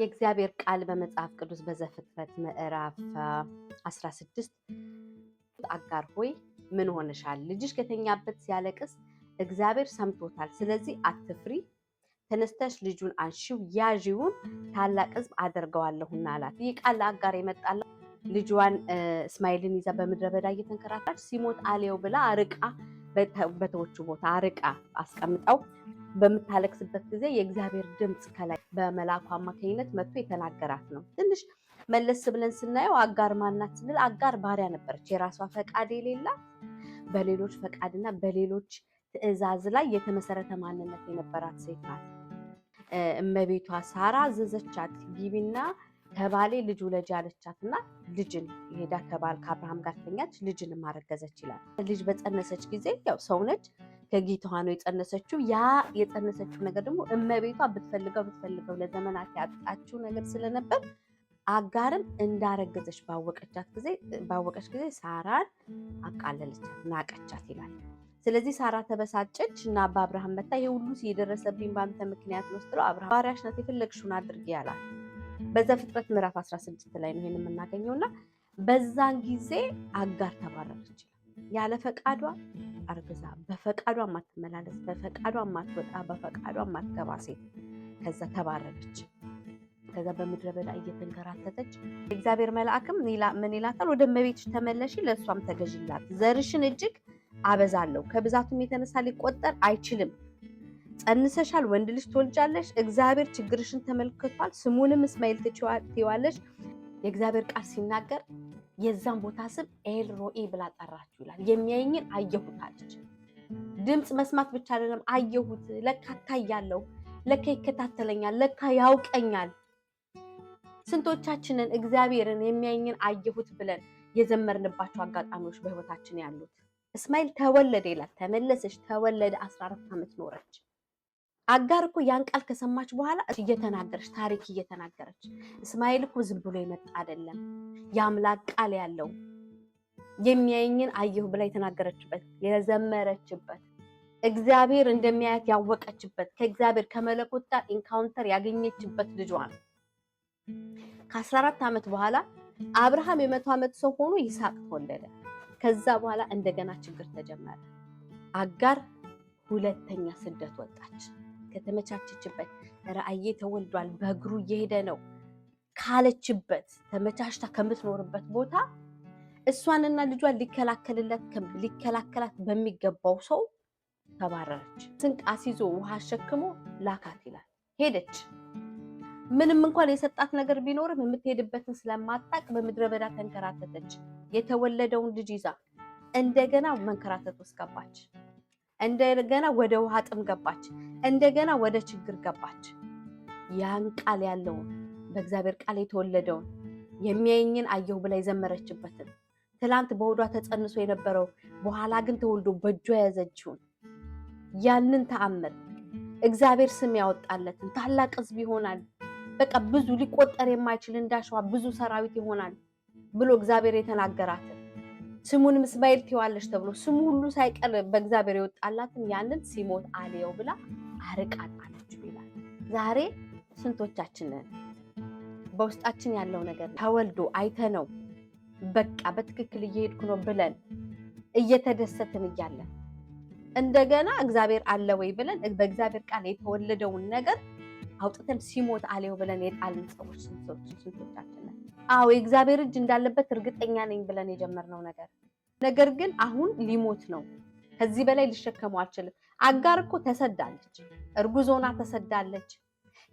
የእግዚአብሔር ቃል በመጽሐፍ ቅዱስ በዘፍጥረት ምዕራፍ 16 አጋር ሆይ ምን ሆነሻል? ልጅሽ ከተኛበት ሲያለቅስ እግዚአብሔር ሰምቶታል። ስለዚህ አትፍሪ፣ ተነስተሽ ልጁን አንሺው፣ ያዢውን ታላቅ ሕዝብ አደርገዋለሁና አላት። ይህ ቃል ለአጋር የመጣለ ልጇን እስማኤልን ይዛ በምድረ በዳ እየተንከራታች ሲሞት አሌው ብላ አርቃ በተወቹ ቦታ አርቃ አስቀምጠው በምታለቅስበት ጊዜ የእግዚአብሔር ድምፅ ከላይ በመላኩ አማካኝነት መጥቶ የተናገራት ነው። ትንሽ መለስ ብለን ስናየው አጋር ማናት ስንል አጋር ባሪያ ነበረች፣ የራሷ ፈቃድ የሌላት በሌሎች ፈቃድና በሌሎች ትዕዛዝ ላይ የተመሰረተ ማንነት የነበራት ሴት ናት። እመቤቷ ሳራ አዘዘቻት፣ ግቢና ከባሌ ልጅ ውለጅ ያለቻትና ልጅን ሄዳ ከባል ከአብርሃም ጋር ተኛች፣ ልጅን ማረገዘች ይላል። ልጅ በጸነሰች ጊዜ ያው ሰውነች ነች፣ ከጌታዋ ነው የጸነሰችው። ያ የጸነሰችው ነገር ደግሞ እመቤቷ ብትፈልገው ብትፈልገው ለዘመናት ያጣችው ነገር ስለነበር አጋርም እንዳረገዘች ባወቀቻት ጊዜ ባወቀች ጊዜ ሳራን አቃለለቻት፣ ናቀቻት ይላል። ስለዚህ ሳራ ተበሳጨች እና በአብርሃም መታ ይሄ ሁሉ የደረሰብኝ በአንተ ምክንያት ነው ስትለው አብርሃም ባሪያሽ ናት የፈለግሽውን አድርጊ ያላት በዛ ፍጥረት ምዕራፍ 16 ላይ ነው የምናገኘው እና በዛን ጊዜ አጋር ተባረረች። ያለ ፈቃዷ አርግዛ በፈቃዷ ማትመላለስ፣ በፈቃዷ ማትወጣ፣ በፈቃዷ ማትገባ ሴት ከዛ ተባረረች። ከዛ በምድረ በዳ እየተንከራተተች እግዚአብሔር መልአክም ምን ይላታል? ወደ እመቤትሽ ተመለሺ፣ ለእሷም ተገዥላት፣ ዘርሽን እጅግ አበዛለሁ፣ ከብዛቱም የተነሳ ሊቆጠር አይችልም ጸንሰሻል፣ ወንድ ልጅ ትወልጃለሽ፣ እግዚአብሔር ችግርሽን ተመልክቷል፣ ስሙንም እስማኤል ትይዋለሽ። የእግዚአብሔር ቃል ሲናገር የዛን ቦታ ስም ኤል ሮኤ ብላ ጠራችሁ ይላል። የሚያየኝን አየሁት አለች። ድምፅ መስማት ብቻ አይደለም አየሁት። ለካ እታያለሁ፣ ለካ ይከታተለኛል፣ ለካ ያውቀኛል። ስንቶቻችንን እግዚአብሔርን የሚያየኝን አየሁት ብለን የዘመርንባቸው አጋጣሚዎች በህይወታችን ያሉት። እስማኤል ተወለደ ይላል። ተመለሰች፣ ተወለደ። አስራ አራት ዓመት ኖረች። አጋር እኮ ያን ቃል ከሰማች በኋላ እየተናገረች ታሪክ እየተናገረች እስማኤል እኮ ዝም ብሎ የመጣ አይደለም፣ የአምላክ ቃል ያለው የሚያየኝን አየሁ ብላ የተናገረችበት የዘመረችበት እግዚአብሔር እንደሚያያት ያወቀችበት ከእግዚአብሔር ከመለኮት ጋር ኢንካውንተር ያገኘችበት ልጇ ነው። ከአስራ አራት ዓመት በኋላ አብርሃም የመቶ ዓመት ሰው ሆኖ ይስሐቅ ተወለደ። ከዛ በኋላ እንደገና ችግር ተጀመረ። አጋር ሁለተኛ ስደት ወጣች። ከተመቻቸችበት ራእዬ ተወልዷል በእግሩ እየሄደ ነው ካለችበት ተመቻችታ ከምትኖርበት ቦታ እሷንና ልጇን ሊከላከልላት ሊከላከላት በሚገባው ሰው ተባረረች። ስንቅ አስይዞ ውሃ አሸክሞ ላካት ይላል። ሄደች። ምንም እንኳን የሰጣት ነገር ቢኖርም የምትሄድበትን ስለማታቅ በምድረ በዳ ተንከራተተች። የተወለደውን ልጅ ይዛ እንደገና መንከራተት ውስጥ ገባች። እንደገና ወደ ውሃ ጥም ገባች፣ እንደገና ወደ ችግር ገባች። ያን ቃል ያለውን በእግዚአብሔር ቃል የተወለደውን የሚያየኝን አየሁ ብላ የዘመረችበትን ትላንት በሆዷ ተጸንሶ የነበረው በኋላ ግን ተወልዶ በእጇ የያዘችውን ያንን ተአምር እግዚአብሔር ስም ያወጣለትን ታላቅ ሕዝብ ይሆናል በቃ ብዙ ሊቆጠር የማይችል እንዳሸዋ ብዙ ሰራዊት ይሆናል ብሎ እግዚአብሔር የተናገራትን ስሙንም እስማኤል ትይዋለች ተብሎ ስሙ ሁሉ ሳይቀር በእግዚአብሔር የወጣላትን ያንን ሲሞት አልየው ብላ አርቃት አለችው ይላል። ዛሬ ስንቶቻችንን በውስጣችን ያለው ነገር ተወልዶ አይተነው በቃ በትክክል እየሄድኩ ነው ብለን እየተደሰትን እያለን እንደገና እግዚአብሔር አለ ወይ ብለን በእግዚአብሔር ቃል የተወለደውን ነገር አውጥተን ሲሞት አልየው ብለን የጣልን ሰዎች ስንቶቻችን አዎ የእግዚአብሔር እጅ እንዳለበት እርግጠኛ ነኝ ብለን የጀመርነው ነገር ነገር ግን አሁን ሊሞት ነው። ከዚህ በላይ ልሸከሙ አልችልም። አጋር እኮ ተሰዳለች፣ እርጉዞና ተሰዳለች።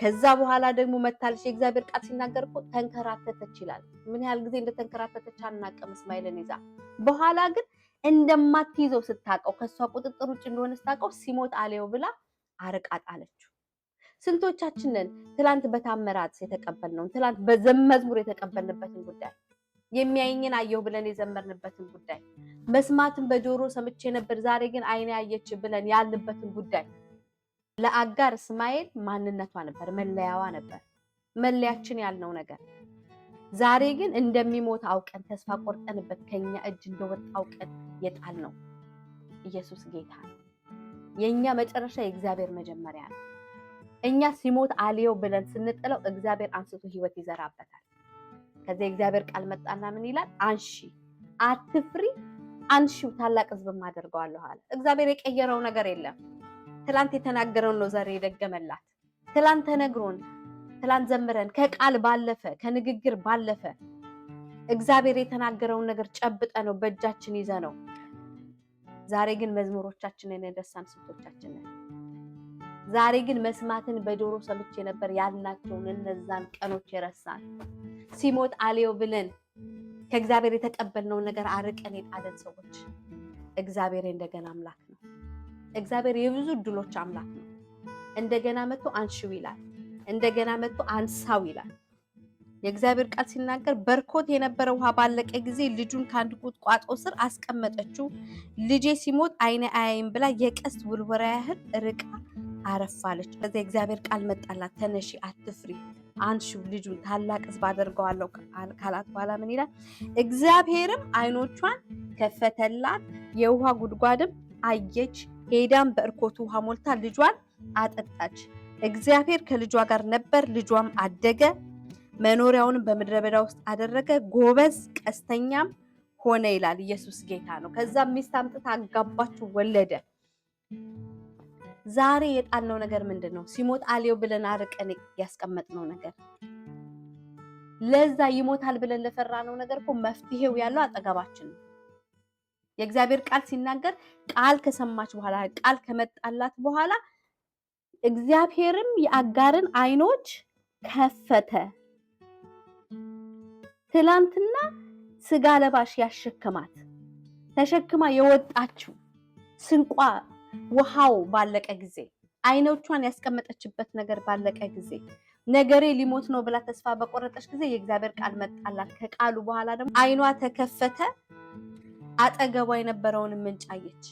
ከዛ በኋላ ደግሞ መታለች። የእግዚአብሔር ቃል ሲናገር እኮ ተንከራተተች ይላል። ምን ያህል ጊዜ እንደተንከራተተች አናውቅም እስማኤልን ይዛ። በኋላ ግን እንደማትይዘው ስታውቀው፣ ከእሷ ቁጥጥር ውጭ እንደሆነ ስታውቀው ሲሞት አሌው ብላ አርቃ ጣለችው። ስንቶቻችንን ትላንት በታምራት የተቀበልነውን ትላንት በመዝሙር የተቀበልንበትን ጉዳይ የሚያይኝን አየሁ ብለን የዘመርንበትን ጉዳይ መስማትን በጆሮ ሰምቼ ነበር ዛሬ ግን አይን ያየች ብለን ያልንበትን ጉዳይ ለአጋር እስማኤል ማንነቷ ነበር፣ መለያዋ ነበር፣ መለያችን ያልነው ነገር ዛሬ ግን እንደሚሞት አውቀን ተስፋ ቆርጠንበት ከኛ እጅ እንደወጣ አውቀን የጣል ነው። ኢየሱስ ጌታ ነው። የእኛ መጨረሻ የእግዚአብሔር መጀመሪያ ነው። እኛ ሲሞት አልየው ብለን ስንጥለው እግዚአብሔር አንስቶ ህይወት ይዘራበታል። ከዚያ የእግዚአብሔር ቃል መጣና ምን ይላል? አንሺ፣ አትፍሪ፣ አንሺው ታላቅ ህዝብም አደርገዋለሁ አለ። እግዚአብሔር የቀየረው ነገር የለም። ትላንት የተናገረውን ነው ዛሬ የደገመላት። ትላንት ተነግሮን፣ ትላንት ዘምረን፣ ከቃል ባለፈ ከንግግር ባለፈ እግዚአብሔር የተናገረውን ነገር ጨብጠ ነው በእጃችን ይዘ ነው። ዛሬ ግን መዝሙሮቻችንን የደስታ ምስቶቻችንን ዛሬ ግን መስማትን በጆሮ ሰምቼ ነበር ያልናቸውን እነዛን ቀኖች የረሳን ሲሞት አሌው ብለን ከእግዚአብሔር የተቀበልነውን ነገር አርቀን የጣለን ሰዎች። እግዚአብሔር እንደገና አምላክ ነው። እግዚአብሔር የብዙ እድሎች አምላክ ነው። እንደገና መጥቶ አንሺው ይላል። እንደገና መጥቶ አንሳው ይላል። የእግዚአብሔር ቃል ሲናገር በርኮት የነበረ ውሃ ባለቀ ጊዜ ልጁን ከአንድ ቁጥቋጦ ስር አስቀመጠችው። ልጄ ሲሞት አይነ አያይም ብላ የቀስት ውርወራ ያህል ርቃ አረፋለች። ከዚያ እግዚአብሔር ቃል መጣላት፣ ተነሺ አትፍሪ፣ አንሺው ልጁን ታላቅ ሕዝብ አደርገዋለሁ ካላት በኋላ ምን ይላል? እግዚአብሔርም አይኖቿን ከፈተላት፣ የውሃ ጉድጓድም አየች። ሄዳም በእርኮቱ ውሃ ሞልታ ልጇን አጠጣች። እግዚአብሔር ከልጇ ጋር ነበር፣ ልጇም አደገ። መኖሪያውንም በምድረ በዳ ውስጥ አደረገ፣ ጎበዝ ቀስተኛም ሆነ ይላል። ኢየሱስ ጌታ ነው። ከዛ ሚስት አምጥታ አጋባችሁ፣ ወለደ። ዛሬ የጣልነው ነገር ምንድን ነው? ሲሞት አሌው ብለን አርቀን ያስቀመጥነው ነገር ለዛ ይሞታል ብለን ለፈራነው ነገር እኮ መፍትሄው ያለው አጠገባችን ነው። የእግዚአብሔር ቃል ሲናገር ቃል ከሰማች በኋላ ቃል ከመጣላት በኋላ እግዚአብሔርም የአጋርን አይኖች ከፈተ። ትላንትና ስጋ ለባሽ ያሸክማት ተሸክማ የወጣችው ስንቋ ውሃው ባለቀ ጊዜ አይኖቿን ያስቀመጠችበት ነገር ባለቀ ጊዜ ነገሬ ሊሞት ነው ብላ ተስፋ በቆረጠች ጊዜ የእግዚአብሔር ቃል መጣላት። ከቃሉ በኋላ ደግሞ አይኗ ተከፈተ፣ አጠገቧ የነበረውን ምንጭ አየች።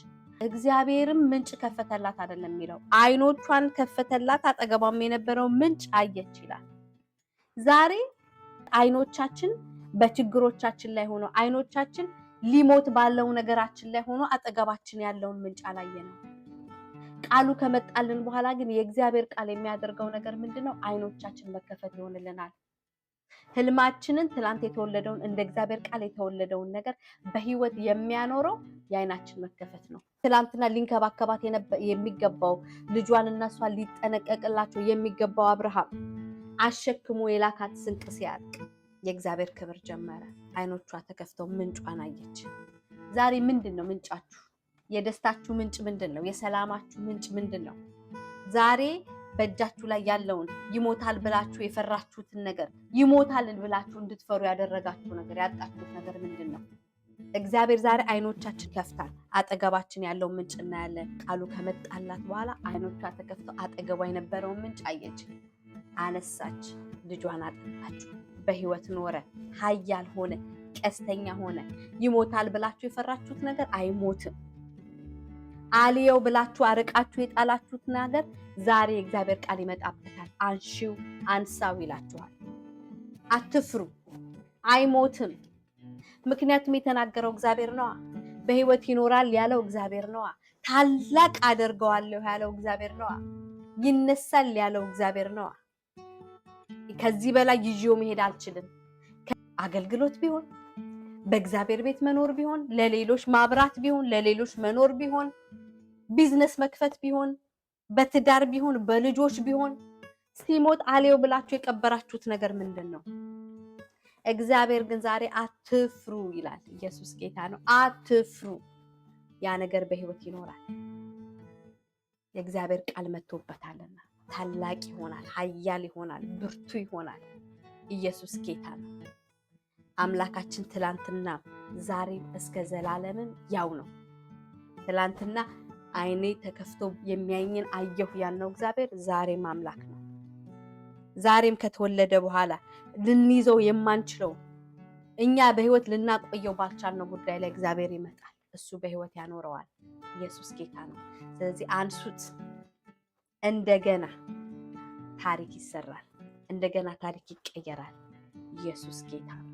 እግዚአብሔርም ምንጭ ከፈተላት አይደለም የሚለው አይኖቿን ከፈተላት፣ አጠገቧም የነበረው ምንጭ አየች ይላል። ዛሬ አይኖቻችን በችግሮቻችን ላይ ሆኖ አይኖቻችን ሊሞት ባለው ነገራችን ላይ ሆኖ አጠገባችን ያለውን ምንጭ ነው። ቃሉ ከመጣልን በኋላ ግን የእግዚአብሔር ቃል የሚያደርገው ነገር ምንድን ነው? አይኖቻችን መከፈት ይሆንልናል። ህልማችንን ትላንት የተወለደውን እንደ እግዚአብሔር ቃል የተወለደውን ነገር በህይወት የሚያኖረው የአይናችን መከፈት ነው። ትላንትና ሊንከባከባት የሚገባው ልጇን እና ሊጠነቀቅላቸው የሚገባው አብርሃም አሸክሞ የላካት ስንቅ ሲያልቅ የእግዚአብሔር ክብር ጀመረ። አይኖቿ ተከፍተው ምንጯን አየች። ዛሬ ምንድን ነው ምንጫችሁ? የደስታችሁ ምንጭ ምንድን ነው? የሰላማችሁ ምንጭ ምንድን ነው? ዛሬ በእጃችሁ ላይ ያለውን ይሞታል ብላችሁ የፈራችሁትን ነገር ይሞታል ብላችሁ እንድትፈሩ ያደረጋችሁ ነገር ያጣችሁት ነገር ምንድን ነው? እግዚአብሔር ዛሬ አይኖቻችን ከፍታል። አጠገባችን ያለውን ምንጭ እናያለን። ቃሉ ከመጣላት በኋላ አይኖቿ ተከፍተው አጠገቧ የነበረውን ምንጭ አየች፣ አነሳች፣ ልጇን አጠጣች። በህይወት ኖረ፣ ሀያል ሆነ፣ ቀስተኛ ሆነ። ይሞታል ብላችሁ የፈራችሁት ነገር አይሞትም። አልየው ብላችሁ አርቃችሁ የጣላችሁት ነገር ዛሬ የእግዚአብሔር ቃል ይመጣበታል። አንሺው፣ አንሳው ይላችኋል። አትፍሩ፣ አይሞትም። ምክንያቱም የተናገረው እግዚአብሔር ነዋ። በህይወት ይኖራል ያለው እግዚአብሔር ነዋ። ታላቅ አደርገዋለሁ ያለው እግዚአብሔር ነዋ። ይነሳል ያለው እግዚአብሔር ነዋ። ከዚህ በላይ ይዤው መሄድ አልችልም። አገልግሎት ቢሆን በእግዚአብሔር ቤት መኖር ቢሆን፣ ለሌሎች ማብራት ቢሆን፣ ለሌሎች መኖር ቢሆን፣ ቢዝነስ መክፈት ቢሆን፣ በትዳር ቢሆን፣ በልጆች ቢሆን ሲሞት አሌው ብላችሁ የቀበራችሁት ነገር ምንድን ነው? እግዚአብሔር ግን ዛሬ አትፍሩ ይላል። ኢየሱስ ጌታ ነው። አትፍሩ። ያ ነገር በህይወት ይኖራል። የእግዚአብሔር ቃል መጥቶበታልና ታላቅ ይሆናል፣ ኃያል ይሆናል፣ ብርቱ ይሆናል። ኢየሱስ ጌታ ነው። አምላካችን ትላንትና ዛሬም እስከ ዘላለምም ያው ነው። ትላንትና አይኔ ተከፍቶ የሚያኝን አየሁ ያልነው እግዚአብሔር ዛሬም አምላክ ነው። ዛሬም ከተወለደ በኋላ ልንይዘው የማንችለው እኛ በህይወት ልናቆየው ባልቻልነው ጉዳይ ላይ እግዚአብሔር ይመጣል። እሱ በህይወት ያኖረዋል። ኢየሱስ ጌታ ነው። ስለዚህ አንሱት። እንደገና ታሪክ ይሰራል። እንደገና ታሪክ ይቀየራል። ኢየሱስ ጌታ ነው።